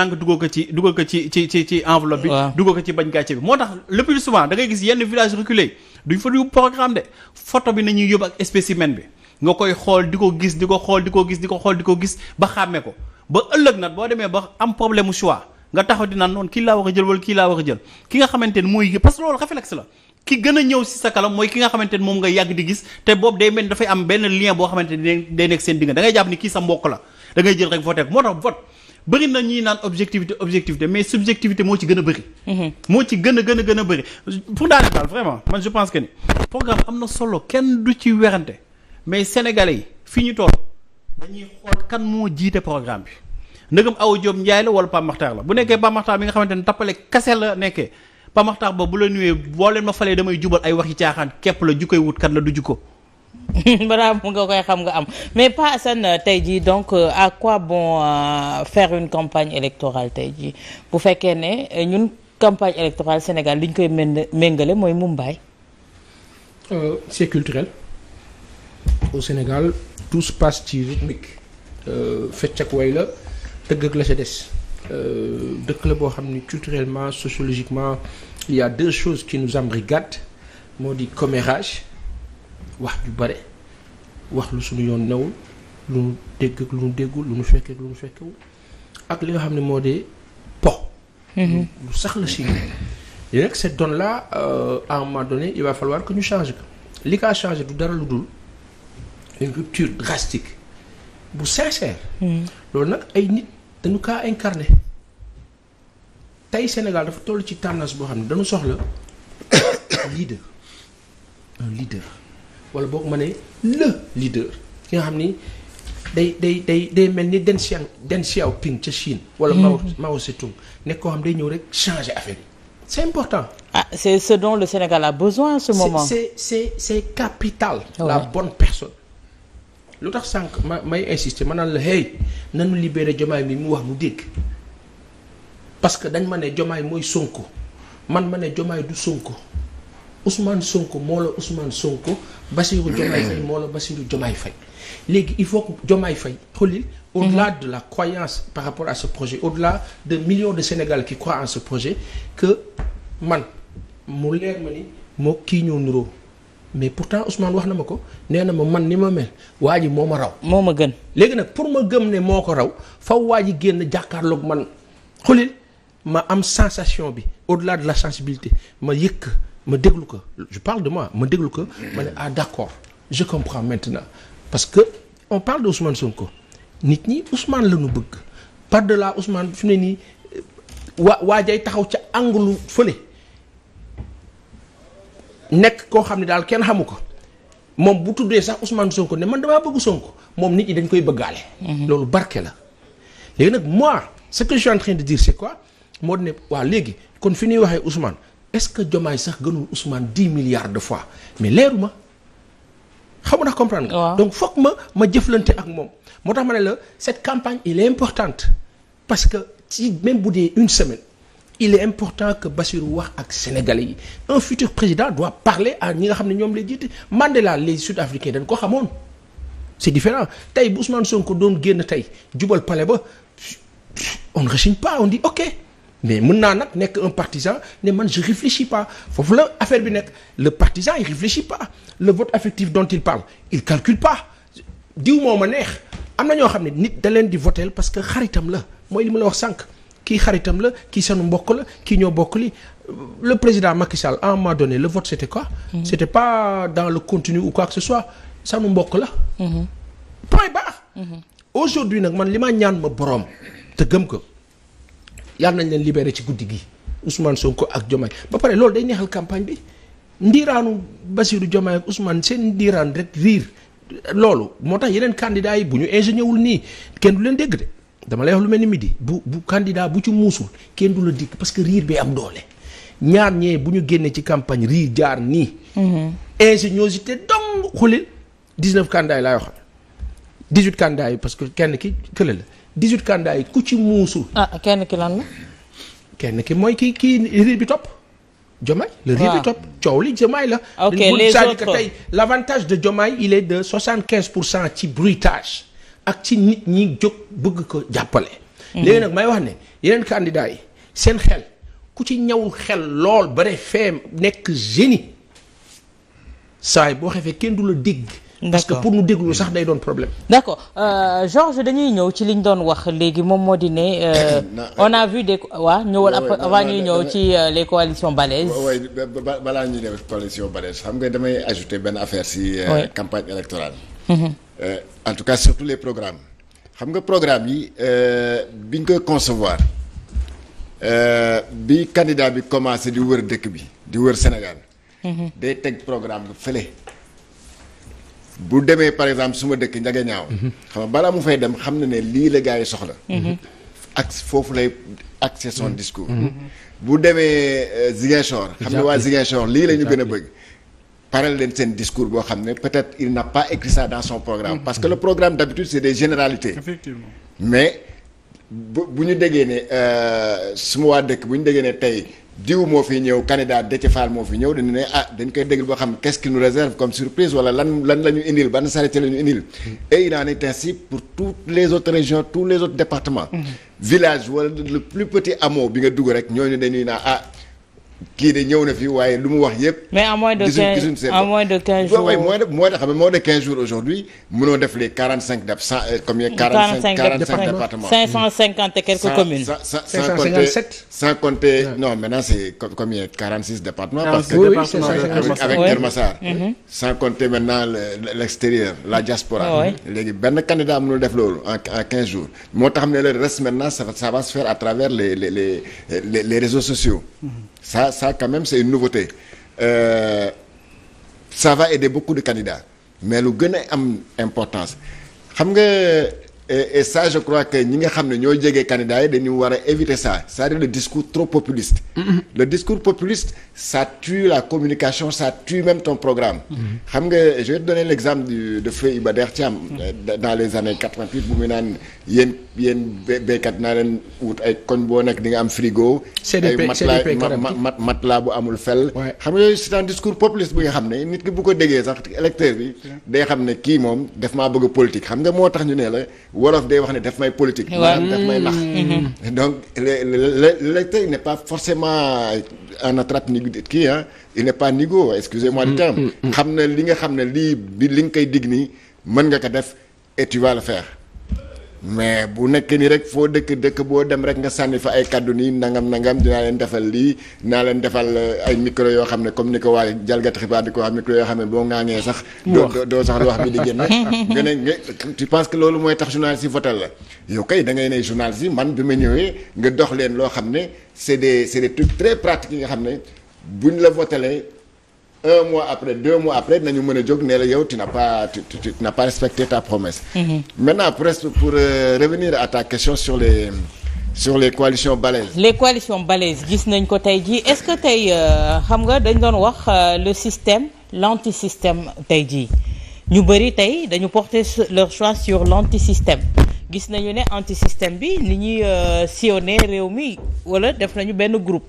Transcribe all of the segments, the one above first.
tànk duggoo ko ci duggoo ko ci ci ci enveloppe bi duggoo ko ci bañ gàcce bi moo tax le plus gis yenn village reculé duñ fa yóbbu programme de photo bi nañuy yóbbu ak spécimen bi nga koy xool di ko gis di ko xool di ko gis di ko xool di ko gis ba xàmme ko ba ëllëg nag boo demee ba am problème mu choix nga taxaw di naan noonu kii laa war a jël wala kii laa war a jël ki nga xamante la ki a ñëw si sa kalam mooy ki moom nga yàgg di gis te boobu day mel ni dafay am benn lien boo xamante day nekk bëri na ñuy naan objectivité objectivité mais subjectivité moo ci gën a bëri. Mhm. moo ci gën a gën a gën a bëri pour daaneel daal vraiment man je pense que ni programme am na solo kenn du ci werante mais sénégalais yi fi ñu tool dañuy xool kan moo jiite programme bi ndëgam Awa Diop njaay la wala Pape la bu nekkee Pape Makhtar bi nga xamante ne tappale kese la nekkee Pape Makhtar ba bu la nuyee boo leen ma falee damay jubal ay wax waxi caaxaan képp la ju koy wut kat la du ju ko balaa mu nga koy xam nga am mais Pa Assane euh, tey jii donc euh, à quoi bon euh, faire une campagne électorale tey jii bu fekkee ne ñun campagne électorale Sénégal li ñu koy méngale mooy Mumbai. c'est culturel au Sénégal tout se passe ci rythmique fecc ak way la tëgg la ca des dëkk la boo xam ni culturellement sociologiquement il y a deux choses qui nous embrigadent moo di commérage wax ju bare wax lu suñu yoon newul lu ñu dégg lu ñu déggul lu ñu fekkee ak lu ñu fekkewul ak li nga xam ne moo de po mm-hmm. lu sax la si léegi nag cette donne là euh, à un moment donné il va li kaa changé du dara lu dul une rupture drastique bu sincère mm-hmm. loolu nag ay nit dañu kaa incarné tey Sénégal dafa toll ci tendance boo xam ne dañu soxla leader un leader wala boog ma ne le leader ki nga xam ni day day day day mel ni Deng Xiang Deng Xiaoping ca Chine. wala hmm. Mao Mao Zedong nekk koo xam day ñëw rek changer affaire yi c'est important. ah c'est ce dont le Sénégal a besoin en ce c'est c'est c'est capital. Oh la ouais. bonne lu tax sànq ma may insister ma naan la hey nanu libéré Diomaye mi mu wax mu dégg parce que dañ ma ne Diomaye mooy Sonko man ma ne Diomaye du Sonko Ousmane Sonko moo la Ousmane Sonko Bassirou Diomaye Faye moo la Bassirou Diomaye Faye léegi il faut que Diomaye fay xoolil au-delà de la croyance par rapport à ce projet au-delà de millions de Sénégalais qui croient en ce projet que man mu leer ma ni moo kii ñoo nuroo mais pourtant Ousmane wax na ma ko nee na ma man ni ma mel waa ji moo ma raw moo ma gën léegi nag pour ma gëm ne moo ko raw faw waa ji génn jàkkaarloog man xoolil ma am sensation bi au-delà de la sensibilité ma yëkk ma déglu ko je parle de ma déglu ko ma ne ah d'accord je comprends maintenant parce que on parle de Ousmane Sonko nit ñi Ousmane la ñu bëgg par de là Ousmane fi ne nii waa waajay taxaw ca anglu fële nekk koo xam ne daal kenn xamu ko moom bu tuddee sax Ousmane Sonko ne man damaa bëgg Sonko moom nit ñi dañ koy bëggaale. Mhm. loolu barke la. léegi nag moi ce que je train de dire c'est quoi moo ne waa léegi kon fi ñuy waxee Ousmane. est-ce que Diomaye sax gënul Ousmane dix milliards de fois mais leeru ma xam nga comprendre nga. donc foog ma ma jëflante ak moom. moo tax ma ne la cette campagne il est importante parce que ci même bu dee une semaine il est important que Bassirou wax ak sénégalais yi un futur président doit parler à ñi nga xam ne ñoom lay jiite Mandela les sud-africains dañ ko xamoon. c'est différent tey bu Ousmane Sonko doon génn tey jubal palais ba on ne pas on dit ok. mais mën naa nag nekk un partisan ne man je réfléchis pas foofu la affaire bi nekk le partisan il réfléchit pas le vote affectif dont il parle il calcule pas diw moo ma neex am na ñoo xam ne nit da leen di voteel parce que xaritam la mooy li ma la wax sànq kii xaritam la kii sanu mbokk la kii ñoo bokk li le président Macky Sall à un moment donné le vote c'était quoi mmh. c'était pas dans le contenu ou quoi que ce soit sanu mbokk la mhm. point barre mhm. aujourd'hui nag man li ma ñaan ma boroom te gëm ko yàlla nañ leen libéré ci guddi gi Ousmane Sonko ak Diomaye ba pare loolu day neexal campagne bi ndiiraanu Bassirou Diomaye ak Ousmane seen ndiiraan rek riir loolu moo tax yeneen candidats yi bu ñu ingénieur wul nii kenn du leen dégg dama lay wax lu mel ni midi bu bu candidat bu ci muusul kenn du la dikk parce que riir bi am doole ñaar ñee bu ñu génnee ci campagne riir jaar nii. Mm-hmm. ingéniosité dong xulil 19 candidats yi laay waxal 18 candidats yi parce que kenn ki kële la. 18 candidats yi ku ci muusul. Ah, kenn ki lan la. kenn ki mooy ki kii riir bi topp. Diomaye le riir bi ah. topp coow li Diomaye la. ok les autres tey de Diomaye il est de 75 pour cent ci bruitage ak ci nit ñi jóg bëgg ko jàppale. Mhm. léegi nag may wax ne yeneen candidats yi seen xel ku ci ñawul xel lool bare fee nekk génie. saay boo xefee kenn du la dégg. parce que pour nu déglu sax day doon problème. d' accord euh, Georges dañuy ñëw ci liñ doon wax léegi moom moo di ne. Euh, euh, on a vu des waa ñëwal avant ñuy ñëw ci euh, les coalitions balèzes. oui balaa ñuy def coalition balèze xam nga damay ajouter benn affaire si. campagne électorale. Mhm. en tout cas surtout les programmes. xam nga programme yi biñ koy concevoir bi candidat bi commencé di wër dëkk bi di wër Sénégal. Mhm. day teg programme fële. bu demee par exemple suma dëkk njaga ñaaw mhm. xam nga balaa mu fay dem xam na ne lii la gars yi soxla mhm. ak foofu lay accès son mhm. discours bu demee euh, Ziguinchor xam ne waa Ziguinchor lii la ñu gën a bëgg paral leen seen discours boo xam ne peut-être il n'a pas écrit ça dans son programme parce que le programme d'habitude c'est des généralités mais bu bu ñu déggee ne euh, suma waa dëkk bu ñu déggee ne tey diw moo fi ñëw candidat Déthié moo fi ñëw dañu ne ah dañ koy déglu ba xam qu'est-ce qu'il réserve comme surprise wala lan lan indil ban charité la ñu indil mm-hmm. et il en est ainsi pour toutes les autres régions tous autres départements mm-hmm. village wala le plus petit hameau bi nga dugg rek ñooñu dañuy naa ah kii de ñëw na fi waaye lu mu wax yëpp. mais en moins de quinze en moins de quinze jours waaw waaye moins de xam nga moins de quinze jours aujourd'hui mënoo def les quarante cinq def cent euh, combien. quarante cinq quarante cinq départements cinq cent cinquante et quelques communes. sans compter sans compter non maintenant c'est combien quarante six départements. parce que avec avec Keur Massar. Mm-hmm. sans compter maintenant l'extérieur la diaspora. léegi benn candidat mënul def loolu en en quinze jours moo tax ne le reste maintenant ça va se faire à travers les les les les réseaux sociaux. Mm-hmm. ça ça, quand même c'est une nouveauté euh, ça va beaucoup de candidats mais lu gën a am importance xam nga. e ça je crois que ñi nga xam ne ñoo jege candidats yi dañu war a éviter ça c'est-à-dire le discours trop populiste mm-hmm. le discours populiste ça tue la communication sa tue même ton programme mm-hmm. xam nga je vais te donner l'exemple du de Feu Iba Der Thiam mm-hmm. euh, dans les années 88 bu muy naan yéen yéen béykat naa leen wut ay koñ boo nekk di nga am frigo ay mat matelas bu amul fel xam nga yooyu c'est un discours populiste bi nga xam ne nit ki bu ko déggee sax électeur bi day xam ne kii moom def maa bëgg politique xam nga moo tax ñu ne la wolof day wax ne daf may politique. maanaam daf may nax. Mm-hmm. donc l'électeur il n'est pas forcément un attrape ni kii ah il n'est pas nigo excusez-moi du terme. Mm-hmm. xam na li nga xam ne lii bi li nga koy dig nii mën nga ko def et tu vas le mais bu nekk ni rek foo dëkk dëkk boo dem rek nga sànni fa ay kàddu nii nangam nangam dinaa leen defal lii naa leen defal euh, ay micro yoo xam ne comme ni ko waaye jalgati xibaar di ko wax micro yoo xam ne boo ŋaaŋee sax. doo doo sax lu wax bi di génn. nga ne que loolu mooy tax journaliste yi votal la yow kay da ngay ne journaliste yi man bi ma ñëwee nga dox leen loo xam ne c'est des c'est des trucs très yi nga xam ne buñ la votalee. un mois après deux mois après nañu mën a jóg ne la yow tu na pas tu, tu, tu n'as pas respecté ta promesse mm -hmm. presque pour euh, revenir à ta question sur les sur les coalitions balaises les coalitions balaises gis nañ ko tey jii est-ce que tey euh, xam nga dañ doon wax euh, le système lanti l'antisystème tey jii ñu bëri tey dañu porter leur choix sur système gis nañu ne antisystème bi ni ñuy euh, sillonner réew mi wala def nañu benn groupe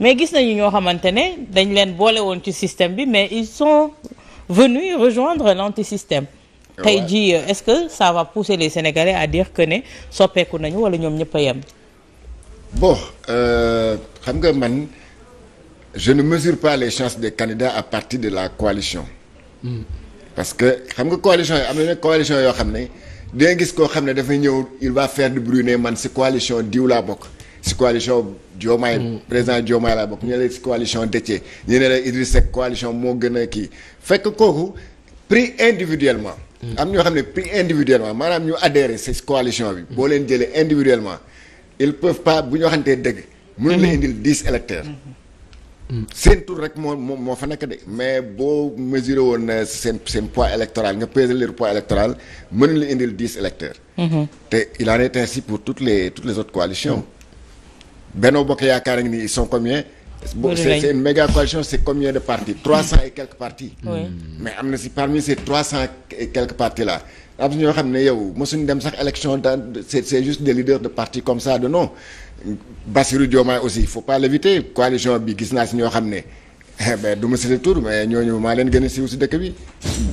mais gis nañu ñoo xamante ne dañ leen boole woon ci système bi mais ils sont venus rejoindre l'antisystème tey jii est-ce que ça va pousser les Sénégalais à dire que ne soppeeku nañu wala ñoom ñëpp a yem bon euh, xam nga man je ne mesure pas les chances des candidats à partir de la coalition mm. parce que xam nga coalition yi am na ne coalition yoo xam ne danga gis koo xam ne dafay ñëw il va faire du bruit ne man si coalition diw laa bokk si coalition Diomaye mm. président Diomaye laa bokk ñu ne la si coalition Déthié ñu ne la Idriss Seck coalition moo gën a kii fekk kooku pris individuellement mm. am ñoo xam ne pris individuellement maanaam ñu adhéré si coalition bi boo leen jëlee individuellement ils peuvent pas bu ñu waxantee dëgg mënuñ la mm-hmm. indil dix électeurs mm-hmm. mm. seen tour rek moo moo moo fa nekk de mais boo mesuré woon na seen seen poids électoral nga pesé leur poids électoral mënuñ la indil dix électeurs mm-hmm. te il en les toutes les autres coalitions Benno Bokk Yaakaar ngi nii ils sont combien. c'est une méga coalition c'est combien de partis trois cent et quelques partis. mais am na si parmi ces trois cent et quelques partis am na ñoo xam ne yow mosuñu dem sax élection dans c'est c'est juste des leaders de partis comme ça de nom Bassirou Diomaye aussi il faut pas l'éviter coalition bi gis naa si ñoo xam ne. mais eh du ma cité tur mais ñooñu maa leen gën a siiw si dëkk bi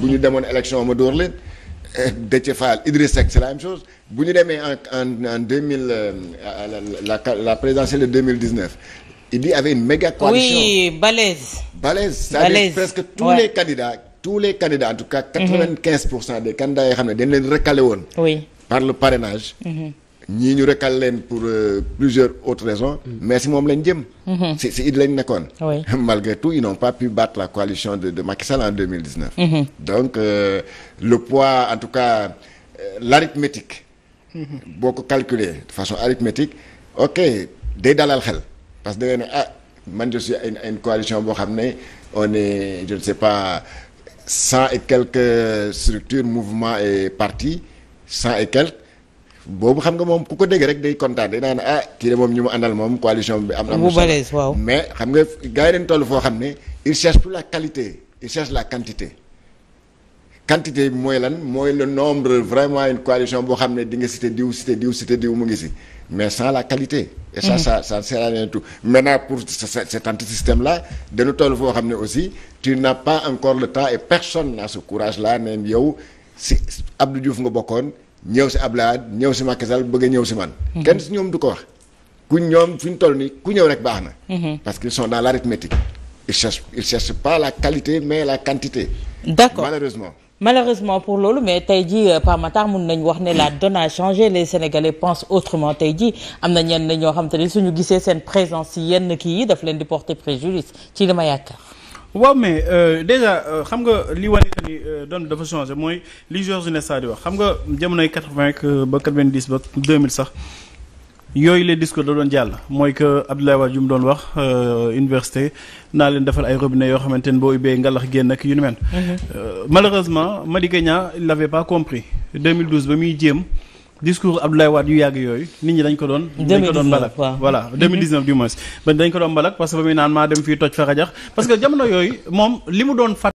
bu ñu demoon élection ma dóor leen. Déthié Fall Idriss Seck c'est la même chose bu ñu demee en en euh, la présidentielle de deux mille dix neuf il dit avait une méga coalition oui balèze. balèze cest presque tous les candidats tous les candidats en tout cas. quatre pour cent des candidats yoo xam ne dañ leen recalé woon. oui par le parrainage. Mm-hmm. ñii ñu recal leen pour euh, plusieurs autres raisons. Mm. mais si moom lañ jëm. Mm-hmm. si si it lañ nekkoon. malgré tout ils n'ont pas pu battre la coalition de de en mm-hmm. donc euh, le poids en tout cas euh, l'arithmétique. Mm-hmm. boo ko calculer de façon arithmétique ok day dalal xel parce que da nga ne ah man je suis une coalition boo xam ne on est je ne sais pas cent et quelques structures mouvements et partis cent et quelques. boobu xam nga moom ku ko dégg rek day kontaan day naan ah kii de moom ñu mu àndal moom coalition bi am na mu bëri waaw mais xam nga gars yi dañ toll foo xam ne il cherche la qualité il la quantité quantité bi mooy lan mooy le nombre vraiment une coalition boo xam ne di nga cité diw cité diw si mais sans la qualité et ça mm-hmm. ça ça ne sert à rien du tout maintenant pour toll foo xam ne aussi tu n'as pas encore le temps et personne n'a courage là même yow si Abdou Diouf nga bokkoon ñëw si Ablaye ñëw si Macky Sall a ñëw si man. Mhm. kenn si ñoom du ko wax. ku ñoom fi ñu toll nii ku ñëw rek baax na. Mhm. parce qu'ils sont dans l'arithmétique. ils cherchent ils cherchent pas la qualité mais la quantité. d'accord malheureusement. malheureusement pour loolu mais tey jii euh, Pa Matar mun nañu wax ne la mhm. donne a changé les sénégalais autrement tey am na ñenn ñoo xam te ne suñu gisee seen présence yenn kii yi daf leen di porter ci li ma yaakaar. waaw mais euh, déjà euh, xam nga li wane que ni euh, doon dafa changé mooy li Georges Nesta di wax xam nga jamonoy quatre ba quatre-vingt-dix ba deux mille sax yooyu les discours da doon jàll mooy que Abdoulaye Wade yu mu doon wax université naa leen defal ay robine yoo xamante ne boo ubbee ngalax génn ak yu ni mel. Mhm. malheureusement Madické Niang il l'avait pas compris ba muy jéem. discours Abdoulaye Wade yu yàgg yooyu nit ñi dañ ko doon. dañ ko doon mbalak voilà 2019 mhm. du moins. ba dañ ko doon mbalak parce que ba muy naan maa dem fii toj fa rajax parce que jamono yooyu moom li mu doon fàttali